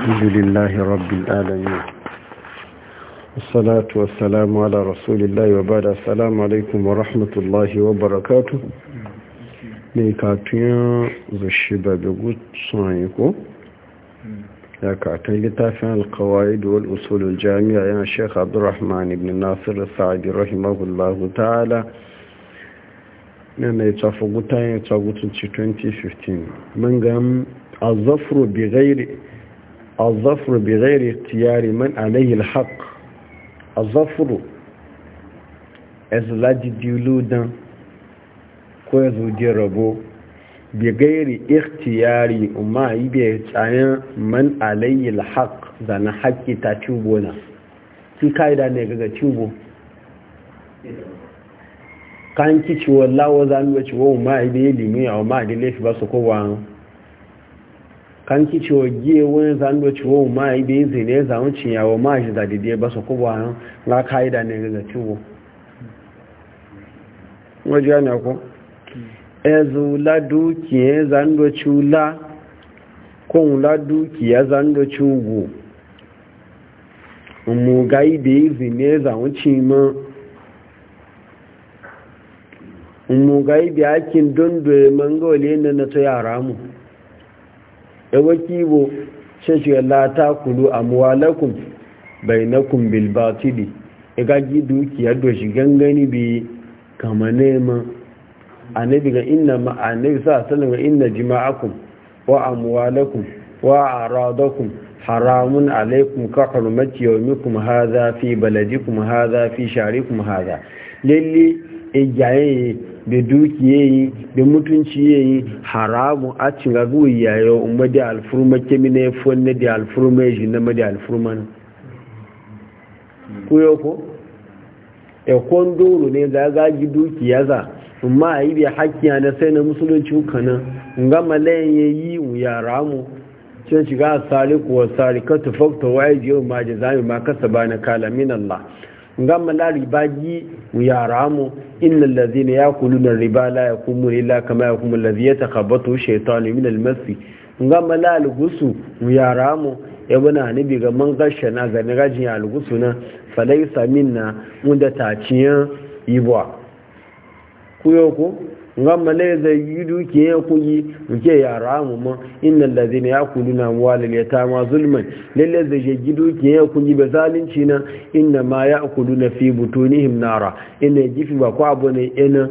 الحمد لله رب العالمين والصلاة والسلام على رسول الله وبعد السلام عليكم ورحمة الله وبركاته لكاتين زشبة بقود صانيكو لكاتين لتافين القواعد والأصول الجامعة يا شيخ عبد الرحمن بن ناصر السعدي رحمه الله تعالى yana ya tafi guta ya tafi 2015 mun ga azafru bi gairi الظفر بغير اختيار من عليه الحق الظفر ازلاج ديولودا كوزو جربو بغير اختيار وما يبي تايا من عليه الحق زنا حقي تاتوبونا في كايدا ne gaga tubo kan kici wallahi wa zan wuce wa ma ibe limi ya ma da ba su kowa kan ki ciwo giye wani zando ciwo ma yi bai zane zaun wa ma shi zadidiyar ba su kubo hannun na ka'ida ne ga ciwo wajiya ne ko ezula dukiya zando ciwula kunla ya zando ciwo mu ga yi bai zane zaun cima mu ga yi bai akin don ya mangole na na to yara mu ewa kibo shashiyar ta kulu amwalakum bainakum bil batili iga e gi dukiyar da shi gangani bi kama nema annabi ga inna ma annabi sa sallam ga inna jima'akum wa amwalakum wa aradakum haramun alaikum ka hurmati yawmikum hadha fi baladikum hadha fi sharikum hadha lalle ijaye da dukiye da mutunci yayi haramun a cin gagu yayo umma da alfurma kemina ya fonne da alfurma ji na madi alfurma na kuyo ko e kondoro ne da ji dukiya za amma ayi bi hakkiya na sai na musulunci kana nga malayen yayi ya ramu cin shiga saliku wa salikatu fakta wa yau ma jazami ma kasaba na kalamin Allah ngamma la riba mu ya ramu inna allazina yakuluna riba la yakumu illa kama yakumu allazi yatakhabbathu shaytanu min al-masi ngamma la al mu. ya ramu yabana e nabi ga man gashe na ga nagajin ya lugusu na falaysa minna munda taciyan yibwa kuyo ko ngamma le da yidu ke ya kuyi muke yara ma innal ladina yakuluna amwalal yatama zulman lalle da je gidu ke ya kuyi ba zalunci na inna ma yakuluna fi butunihim nara inna jifi ba kwa bane ina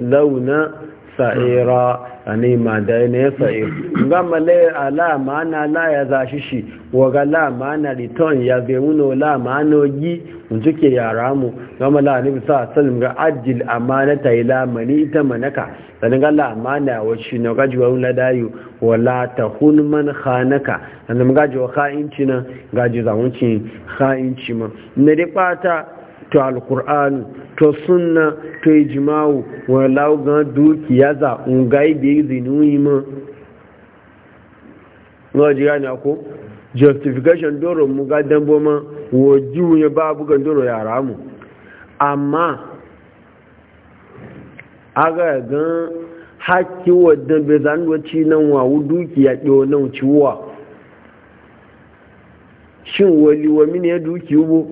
launa sa'ira ani ma da ne ya sa'i ga male ala ma na la ya zashi shi wa la ma na return ya be la ma no yi unjuke yara mu ga la ni bisa sallim ga ajil amanata ila mani ita manaka dan ga la ma na wa shi no ga jiwa la dayu wa la hun man khanaka dan ga jiwa kha'inci na ga ji zamunci kha'inci ma ne dai to alkur'anu to sunna to ijimawu lauga duki ya za ungai da yi zinuyi ma wọ́n jí ránà kó justification doro mu ga dambo ma wojú ya ba bugan doro yara mu amma aga gan haƙƙi wadda bai zanwaci nan duki dukiya ɗiyo nan ciwuwa shin wali wa mini ya duki ubo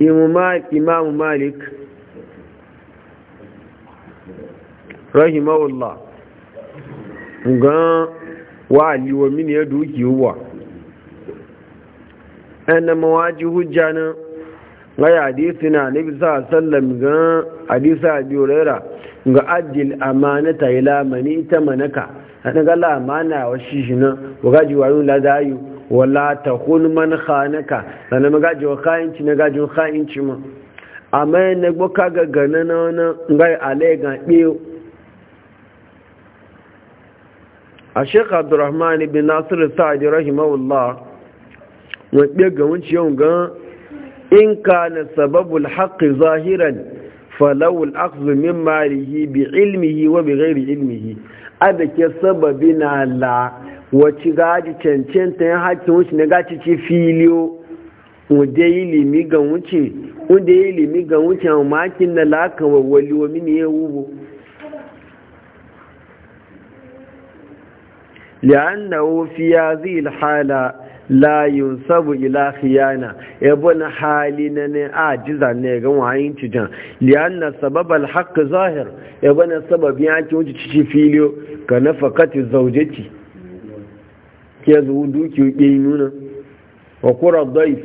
imamu malik rahimahullah gan wa aliwa mini ya duki wa ɗan mawaji hujja na gaya hadisi na nabi sa sallam gan hadisa abu raira ga ajil amanata ila mani ita manaka na gala amana wa shi shi na wa gaji wayo la wala ta man khanaka sannan magaji wa khayinci na gajin khayinci ma amma yin na gboka ga gana na wani ngai alai ga ɓeyo a sheikh abdurrahman ibn nasir sa'adi rahimahullah wani ɓe ga wunci yau ga in ka na sababul haƙƙi zahiran falawul akzu min marihi bi ilmihi wa bi ghairi ilmihi adake da sababi na la wacce gaji ta ya haƙƙin wuce na gaci ci filiyo wadda ya limi ga wuce wadda ya limi ga wuce a makin na lakawa wawali wa mini ya wubo li'annahu fi zai ilhala layin sabu ilahiyana ila khiyana hali na ne a jiza ne ga wayin cijan liyan na al-haqq zahir na sabab ya ci wuce ci filiyo ka fakati zaujeci ke zuwa dukiyu ke yi nuna wa kura daif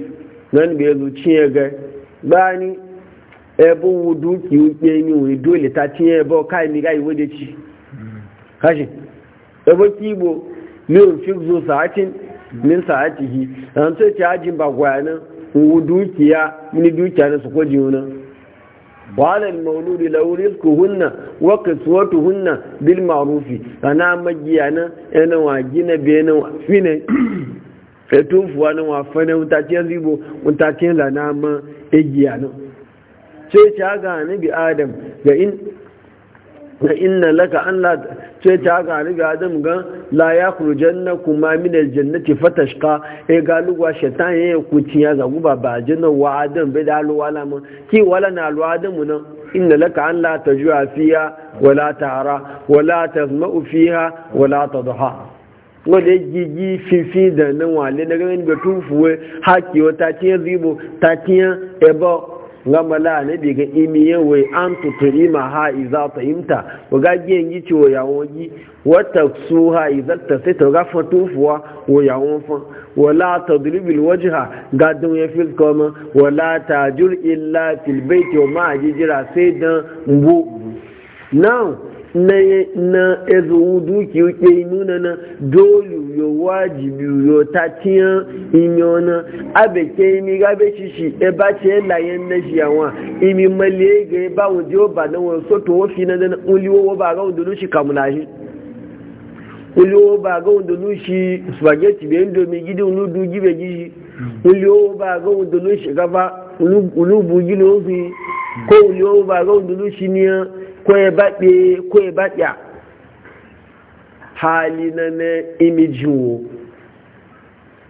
nan bai zo cinye ga bani ebe wu dukiyu ke yi wani dole ta cinye ebe kai ni ga iwe da ci kashi ebe kibo fi zo min hi ci ba gwayanan wu ya mini dukiya na su kwaji وعلى المولود له رزقهن وكسوتهن بالمعروف انا مجيانا انا واجينا بينا فين etufuwa na wafane mutaciyar ribo mutaciyar lana ma ejiya na sai ta ga nabi adam ga in ga inna laka Allah ce ta ga ni adam ga la ya jannakum kuma min aljannati fatashqa e ga lugwa shaitan ya ku tiya ga guba ba jinna wa adam bai da wala mun ki wala na lu adam mun inna laka an tajua fiha wala ta'ra wala tazma'u fiha wala tadha wanda gigi fifi da nan wale daga ni ga tufuwe hakiyo ta tiyan zibo ta tiyan ebo gama la ne bi ga imiye wai an ha iza ta imta wa ga giyan yi ciwo yawon wata su ha iza ta sai ta ga wo wa won fa wala tadribil wajha ga dun ya fil kama wala ta illa fil bayti wa ma jira sai dan mbu now na na ezu ki ke nuna na dole yo wajibi yo tatiyan tiya abe ke imi ga be shishi e ba ce la yen na shi awon imi mali ga e ba won di ba na won so to fi na na uli wo ba ga won do shi kamula shi uli wo ba ga won do shi spaghetti be ndo mi gidi unu du gibe gishi uli wo ba ga won do shi gaba ulu bu gidi o fi ko uli wo ba ga won do shi ni ko e ba pe ko e ba ya hali na na imijiwo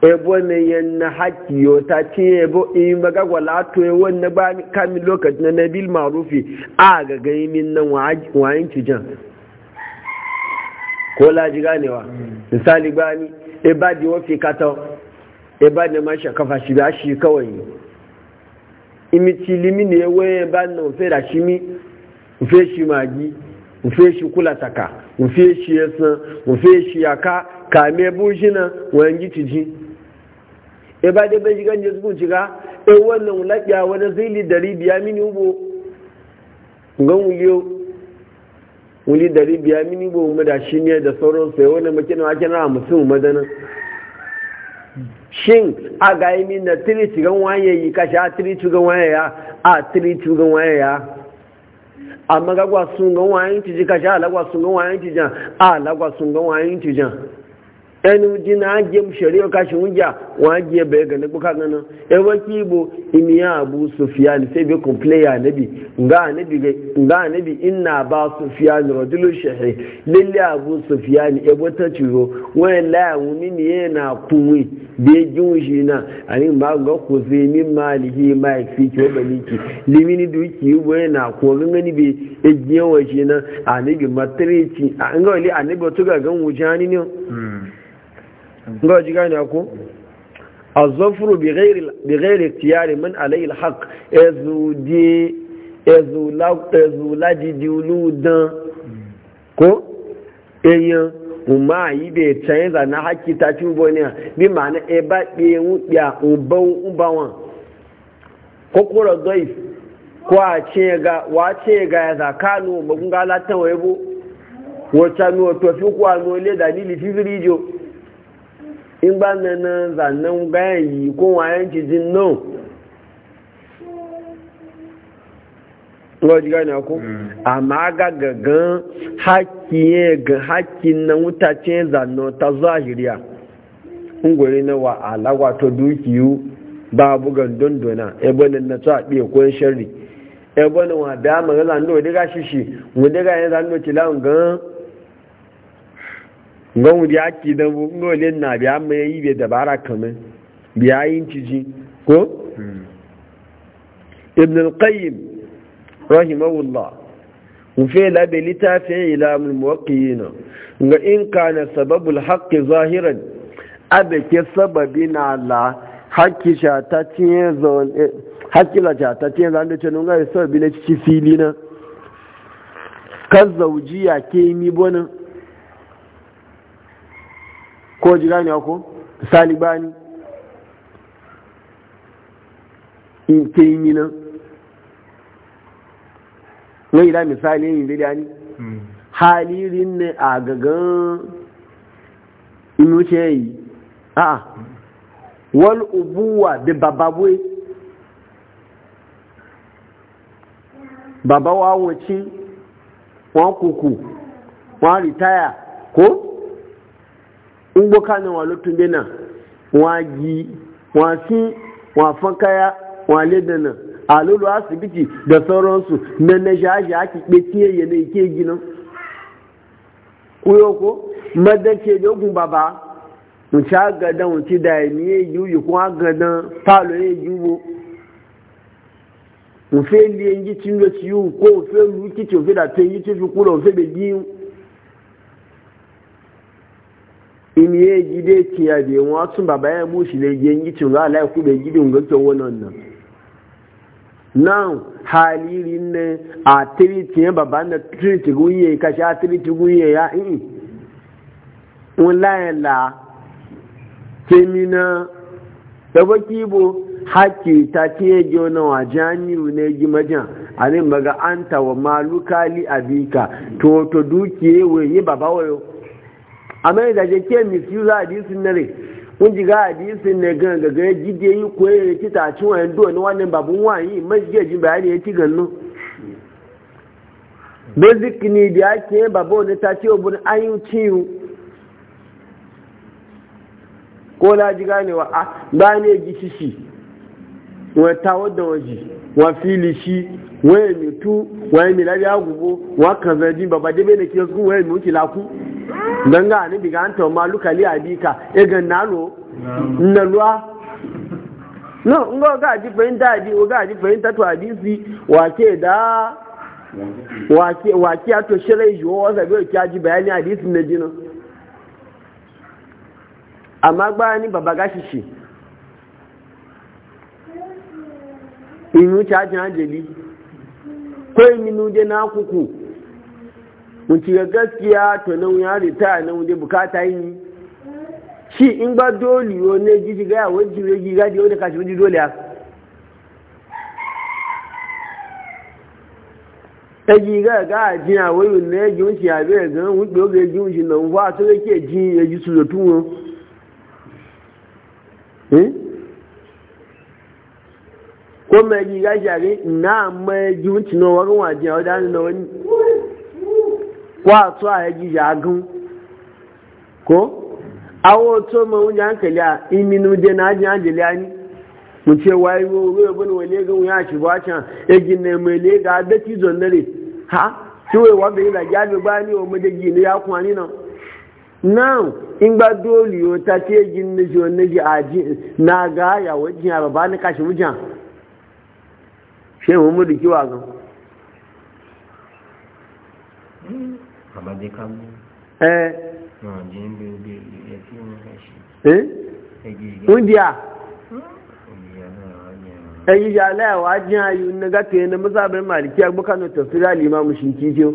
ebo na yan na haƙi yau ta ce ebo in maga wala to yi wani ba kami lokacin na nabil marufi a ga gaimin nan wayan cijan ko laji ganewa mm. misali bani e ba di wafi kata e ba da masha kafa shi ba shi kawai imici limi ne waye ba na ofe da shimi, mi shi magi ofe shi kula taka nfe shi ya san nfe shi ya ka kame bushi na wani gici ji e ba dai bai shiga jesu kun shiga e wannan wulaƙiya wani zili dari biya mini ubo ngan wuliyo wuli dari biya mini ubo mu da shi ne da sauran sai e wani makina ake na mutum madana shin a ga yi min na tiri cigan waye yi kashi a tiri cigan waye ya a tiri cigan waye ya amma ga gwasun ga wayan tijan ka sha lagwasun ga wayan tijan a lagwasun ga wayan tijan na jina ajiye mu shari'a kashin a wa ajiye bai ga nabu kan nan ewa kibo imiya abu sufyan sai na complain ya nabi nga anabi nga nabi inna ba sufyan rajulu na lilli abu sufyan e wata ciro wa la mumini yana kunwi bai jinji na ani ma ga ku zai min malihi ma fi ki baliki limini duki wa yana ko gangani bai ejiye wa shi na ga wali anabi to ga gan ga ji gane ko azafru bi ghairi bi ghairi man alai alhaq ezudi ezula di diuludan ko eyan umma yi be tsayin na haki ta ci bonya bi ma'ana e ba be wuya ubau ubawan ko kura doif ko a ce ga wa ce ga ya zakanu magun ga latan wayebo wata no to fi ko an le dalili fi rijo in ba na nan zanen gayan yi ko wayan cijin nan lọ́jí gani ọkú àmà gagagan hakin na mm. wutacin zanen ta zahiriya ngwere na wa alagwa to dukiyu babu gandun dona ebe na ta e ɗaya e kun shari ebe na wa dama ga zanen daga ga shishi wadda ga yin zanen cilan gan ngon di ki da bu ngole na biya mai yi dabara kaman biya yin ciji ko ibn al-qayyim rahimahullah وفي لابلتا في إلام الموقعين وإن كان سبب الحق ظاهرا أبك سببين على حق شاتتين ظن حق شاتتين ظن تنونغا يسبب لك فيلنا كالزوجية كيمي بنا ko ji gane ko salibani in ke yi minan na ila misali yin dida ni hmm. halirin ne a gagan inu ce yi a wal ubuwa da bababwe babawa wacin wọn kuku wọn ritaya ko ngbo ne wa lotun dena wa gi wa fi wa fankaya wa ledana a lulu asibiti da sauransu na na jaji ake ɓetiye yana ike gina kuyo ko madace da ogun baba nci agadan wuce da ni ya yi yi kuma agadan palo ya yi wo nfe liye yi cin lo ci yi ko nfe lu kici nfe da ten yi ci fi kula nfe da yi in ye gide tiya be watsun ba bayan mushi ne gen gicin nga Allah ku be gidin ga ke wannan nan nan halirin ne a tiriti ya ba na tiriti guye ka sha tiriti guye ya in wallahi la kemina da bakibo haƙƙi ta na ji wani wajaniyu ne ji majan a ne maga anta wa maluka li abika to to dukiye wa yi baba wayo amma yadda ke ke misuse hadisin sin re kun ji ga sin ne ga ga ga jide yi koyi ne ki ta ci wani do ni wannan babun wani mai jiya jin bayani ya ci gannu basic ni da ake babo ne ta ce obun ayu ciyu ko la ji ganewa a ah, ba ne ji shishi wa tawo da waji wa fili shi wa mitu wa mi labi agugo wa kazaji baba debe ne ke su wa mi ku. don ga ni biga an tauma lukali a bika egan nalo na luwa no ngo ga ji fahimta ji o ga ji fahimta to hadisi wake da wake wake to shirai e jo wasa ga ki ji bayani hadisi na jino amma gba ni baba ga shi inu ta jin anjeli ko inu je na wuce ga gaskiya to nan ya rita nan wuje bukata yi shi in ba dole yo ne jiji ga yawon jire giga da yau kashi wani ga a jiya wayo ne ya ji wuce ya bai ga wuce yau nọ ji wuce nan fa to yake ji ya ji su da tuwo eh? ko mai shi a ga na mai ji wuce nan wani kwa atụ a yaji jagun ko awo otu mo unja hankali a iminu de na ajin ajili anyị mu ce ruo wo wo ego e wale e ga ya ci na mai le ga ha ti we wa be da jabi ba ni o mu na ya kun ani na now in gba o ta ti eji ginne ji aji na aga ya wajin ya shehu àbájẹ kábú. ẹ ọ̀nà jẹ́ ń bẹ obi ẹ̀ tí wọ́n fẹ́ ṣe. ya láyàwó ayu na gata yana mazabin maliki agbaka na tafsir alimamu shinkijo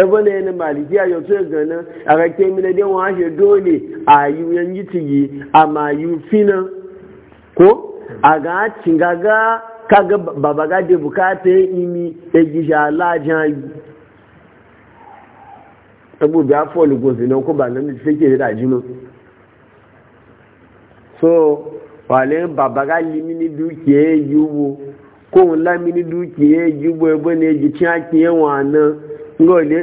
ebe na yana maliki a yau gana a rake mina dai wa ashe dole a yi yan yi tigi a ma fina ko a ga cingaga kaga babaga da bukata ya imi ya gisha lajin ayu sabu bi afọ olugosi na ko ba da suke fike re mu so wale baba ga li mini dukiye ko la mini ji ti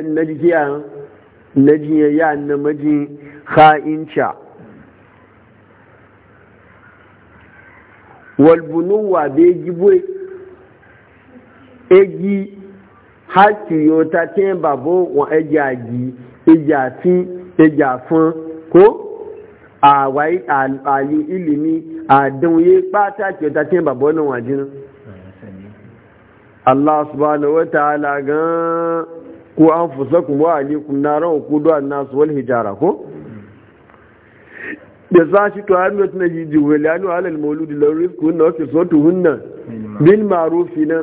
na ji ya na ji ya na maji kha incha wal bunuwa be jibwe egi haki yo ta ce babo wọn ẹja gi ẹja fi ẹja fún ko àwáyé àlù ilimi àdánwòye pátá kí o ta ce babo náà wà jínú Allah subhanahu wa ta'ala gan ku an fusaku wa alikum naran ku do annas wal hijara ko da za shi to har mutuna ji jiwelanu alal mauludi la rizqu na ke so to hunna bil ma'ruf na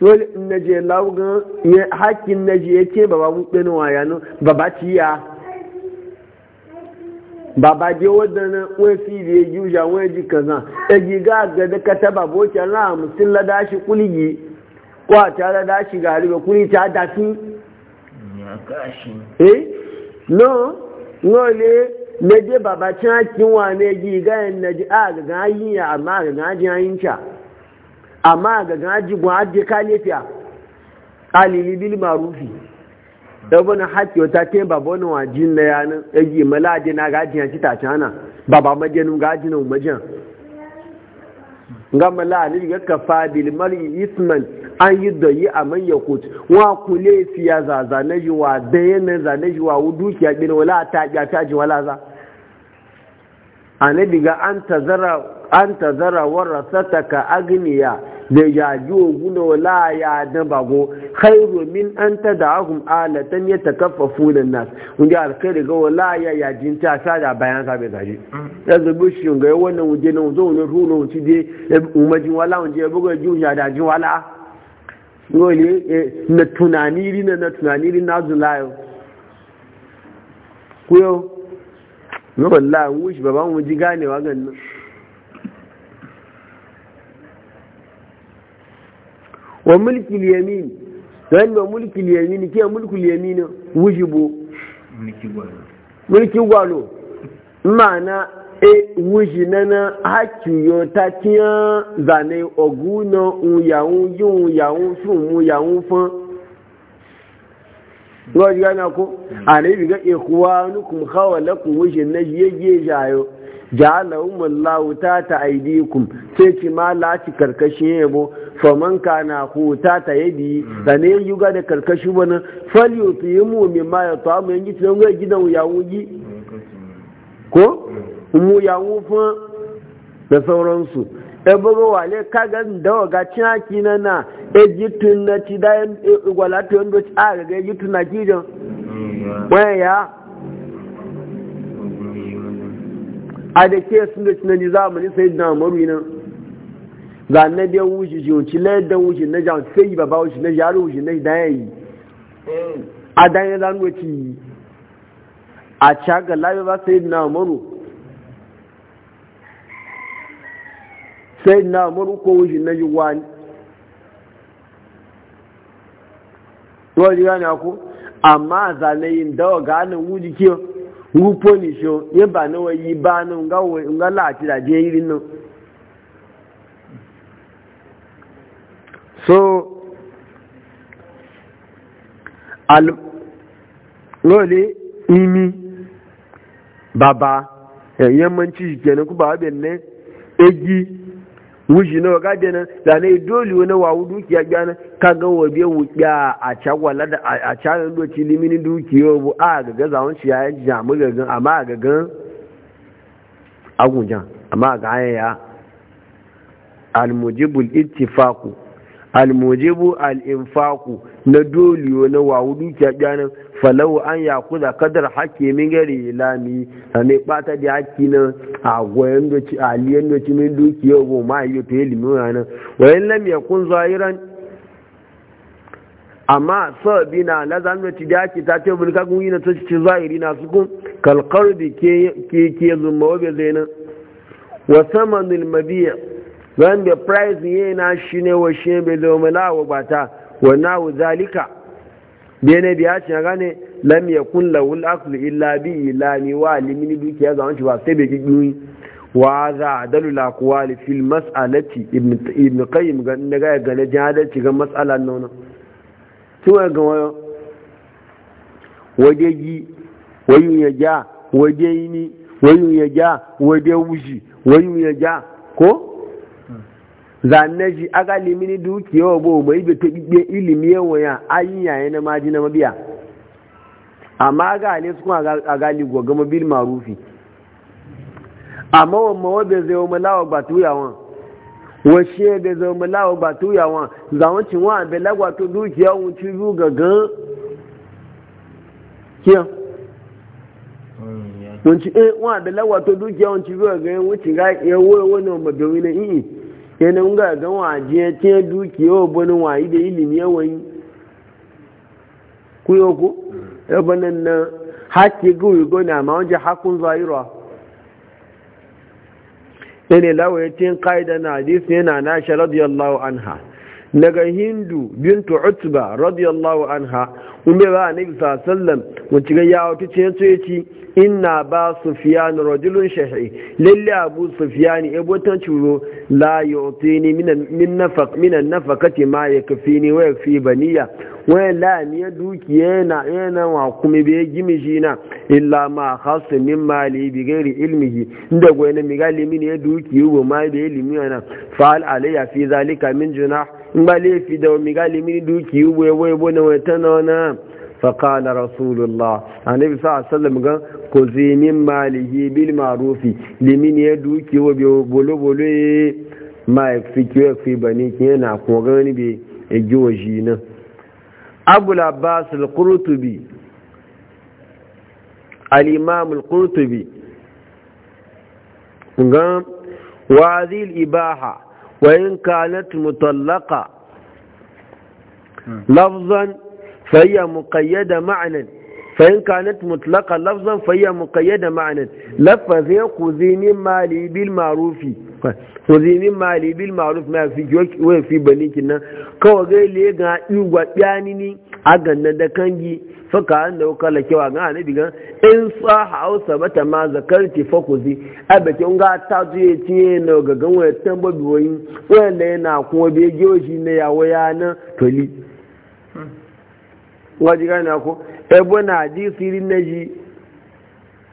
dole in na je laugan hakkin na je ce ba babu ɗanin wayanu ba ba ciya ba je wadannan wani fili ya juja wani ji kaza e giga ga da ka taba bokin na mutum lada shi kuligi kwa ta lada shi gari ba kuli ta dafi eh no no le na baba cin hakkin wa ne giga na ji a ga ganyi ya amma ga ganyi hanyin amma ga gaji gwaje ka lafiya alili bil marufi da bana haƙi wata ke baba wani wajin na yanin yagi malaje na gaji ci ta cana ba majanu gaji na umajan gama la'ani ga kafa bil mari isman an yi da yi a manya kotu wa kule fiya zaza na ji wa daya na za na ji wa dukiya ɗin wala ta ya ta ji wala za na ga an tazara an tazara ka agniya da yaji oguna wala ya dan bago khairu min an tad'ahum alatan yatakaffafuna nas wanda alkhairi ga wala ya yajin ta sa da bayan sa bai zaje da zubu shi ga wannan wuje nan zo ne runo ci de umajin wala wuje bugo ju ya da ji wala wani e, na tunani rina na tunani na zulayo kuyo wallahi wushi baban wuji ganewa gannan wa mulkil yamin dan wa mulkil yamin ke mulkul yamin wujibu mulki gwalo ma'ana e na nana haki yo ta tiya zane oguna unyawun yun yawun sunmu yawun fun ko mm. a na yi biga ikuwa nukun hawa lakun na jayo ja'alahum Allahu ta ta aidikum sai ci ma laci karkashin yabo faman kana hu ta ta yadi da ne yuga da karkashi wani falyutimu ma ya tamu yanki tunan ga gidan ya wuji ko mu ya wufa da sauransu e bugo wale kaga dawa ga cinaki na na e jitun na ci da yadda yando ci a ga jitun na kijin waya a da ke sun da tunani zamani sai na amaru nan za na biya wuce shi wuce layar wuce na jam sai ba ba wuce na jaru wuce na idan yayi a dan ya zanu wuce a caga labe ba sai na amaru, sai na amaru ko wuce na yi wani wani gane ko amma zanayin dawa ganin wuce kiyo wupo ni sho ye ba na wa yi ba na nga we nga la ti da je yiri no so al lole imi baba eyan eh, manci kenan ku ba be ne eji wuji na waga da nan da na dole wani wawu dukiya gana ka ga wabe wukiya a cagwala da a canan doci limini dukiya bu a gaga zawon shi ya jamu gagan amma a gagan agunjan amma a ga ya almujibul ittifaqu almujibu al'infaku na doliyo na wawu dukiya ganin falawo an ya kuza kadar haƙƙi min gari lami a mai bata da haƙƙi na a goyon doci a liyan doci min dukiya ko ma yi to yi nan wayan lam ya kun zahiran amma sa bina na zanen ci da ake ta ce bulka ka yi na ta ci zahiri na su kun kalkar da ke ke zumba wabe zai nan wa samanil mabiya wanda price na shi ne wa shi ne bai zama lawa ba ta na wa zalika bai ne biya na gane lam yakun lahu al illa bi ni wa limini duki ya zama shi ba sai bai gigini wa za a adalu kuwa aqwali fil mas'alati ibn da qayyim ga ne ga ga ne jahadalci ga mas'alan nan to ga wayo wajeji wayun ya ja ni wayun ya ja waje wuji wayun ya ja ko zanne shi aga limini dukiya bo mai ta tabibe ilimi yawaya ayi yayi na maji na mabiya amma ga ne su kuma aga li goga mabil marufi amma wa mawa be zai lawa ba tuyawan zai wa lawa ba tuyawan wa lagwa to dukiya un ci ru gaga kiyan mm, un ci eh wa lagwa to dukiya ci yana nga ga waje te dukiya obin wayi da ilimi yawan ku mm. yoko yabanan na haƙƙi gwi gona ma wajen haƙun zahirwa yana lawaye tin ƙa'ida na hadisi yana na shi radiyallahu anha daga hindu bintu utba radiyallahu anha umbe ba annabi sallam mun ga ya wata ce ce ci inna ba sufyan rajulun shahi lalle abu sufyan ebo ta curo la yu'tini min min nafaq min nafaqati ma yakfini wa yakfi baniya wa la ni dukiye na yana wa kuma be gimiji na illa ma khas min mali bi ghairi ilmihi inda goyena mi galimi ne dukiye wa ma be ilmi na fa al alayya fi zalika min junah ngbale fi da omi limini mini duki ubo ebo ebo na wata na wana faƙala rasulullah a nabi sa sallam ga ko zimin malihi bil marufi limini ya duki wa bolo bolo ya e. ma ya fi kiwa fi na ki kuma gani bai egi wa na. nan abu labas al-qurtubi al-imam al-qurtubi ga wa ibaha وإن كانت مطلقة لفظا فهي مقيدة معنى فإن كانت مطلقة لفظا فهي مقيدة معنى لفظ خذي من مالي بالمعروف خذي من مالي بالمعروف ما في جوك وفي بنيكنا كوغي غير يوغا يعني agan na da kangi faka an da kala kewa ga ne diga in sa hausa bata ma zakarti fakuzi abeti unga ta zuye tiye no ga ganwa tambabi wayin wanda yana kuma be joji ne ya waya na toli waji gane ko ebo na ji sirin na ji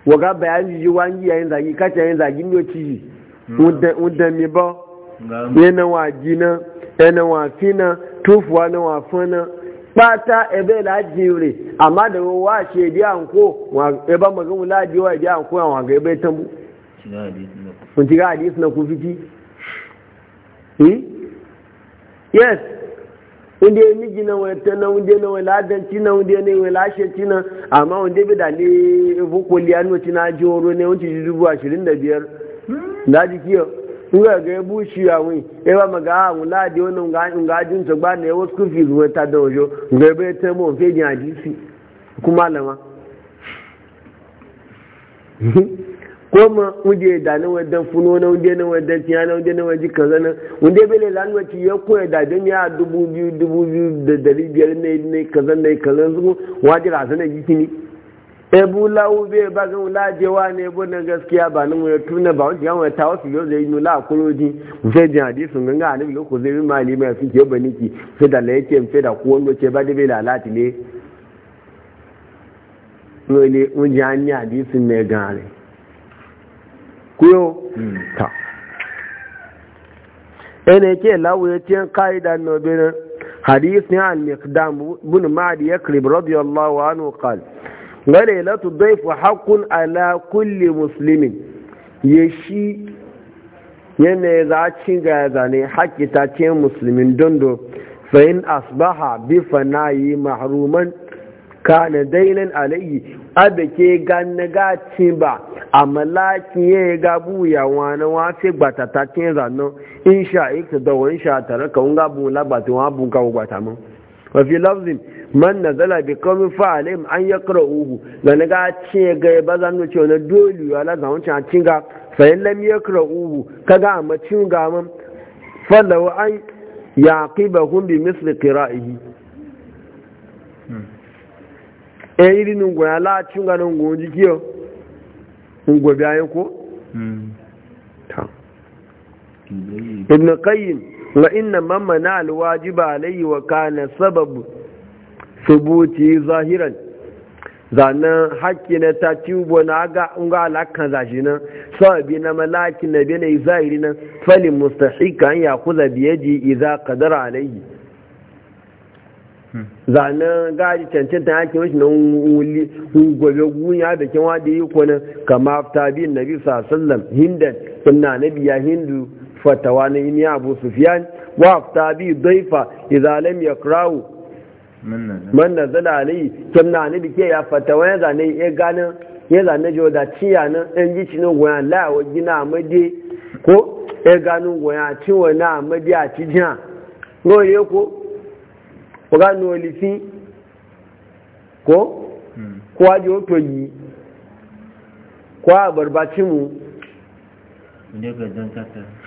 waga bayan ji wangi yayin zagi kacha yayin zagi ne ci hmm. udan mi ba yana waji na yana wafina tufuwa na wafana e bata ebe laji wure amma da wa ce biya anko ebe magamu laji wa biya anko wa ga ebe tambu kun ci ga hadisi na kufiti hmm yes inda ya miji na wata na wunde na wai ladanci na wunde na wai ci na amma wunde bi da ne bukuli ya nuna na jihoro ne wuce dubu ashirin da biyar hmm? na jikiyo nga ga ebu shi awi ewa maga ahụ la di ono nga nga ajin to gba ne wo school fees we ta dojo nga be te mo fe ni ajisi kuma lama ko ma unde da ne we dan funo na ndị na we dan tiyana unde ne we kaza na ndị be le lan we ci ye ko da de dubu biyu dubu biyu da dari biyar ne ne kaza ne kaza su wa ji razana ji ni ebu lawu be ba ga wula wa ne bu na gaskiya ba nan waya tuna ba wani yawon ta wasu yau zai nuna a kuroji sai jin hadisun ganga anabi loko zai bi malima ya suke ba niki sai da laike mfe da kuwan doce ba da bai lalati ne wani wani hanyar hadisun ne gane kuyo hmm. ta ene ke lawu ya ce ka'ida na benin hadisun ne al-miqdam bin ma'adi yakrib radiyallahu anhu qala gane latu daifu haƙun ala kulle musulmin ya shi yana za a ci ga zane haƙƙi ta ce musulmin dondo fa'in asbaha bi fanayi mahruman kana dainan alayyi abe ke ganna gaci ba a malaki ya ga ya wani wafe gbata ta ce zane in sha ikta da wani sha tare ka wunga bula ba ta wabu ga gbata mu wafi lafzin man zala bi kawai fa alim an kira da na ga ce ga ba zan no ce na dole ya la zan wancan cin ga fa lam ya kira uhu ka ga man fa law an yaqibahum bi misli qira'ihi hmm. e eh, yi nun go ya la cin ga nan go jiki yau, in go biya ko hmm. ta ibn qayyim la inna man mana al wajiba alayhi wa kana sababu subuti zahiran zanen haƙƙi na ta tubo na ga unga alakan zashi nan sababi na malaki na bene zahiri nan falin mustahika ya kuza ji iza kadara alayhi zanen gaji cancanta haƙƙi mashi wuli gobe gunya da kyanwa da yi kwanan kama tabi nabi sallam hindan suna nabi ya hindu fatawa na iniya abu sufiyan wa biyu daifa izalam ya krawu man nazala alayhi kam na ne bike ya fatawa ya zane ya gane ya zane jo da ciya nan en ji cinin goya la wa gina amade ko ya gano goya ci wa na amade a ci jiya no ye ko ko ga no lifi ko hmm. ko aji o to yi ko a barbaci mu ne ga zan tata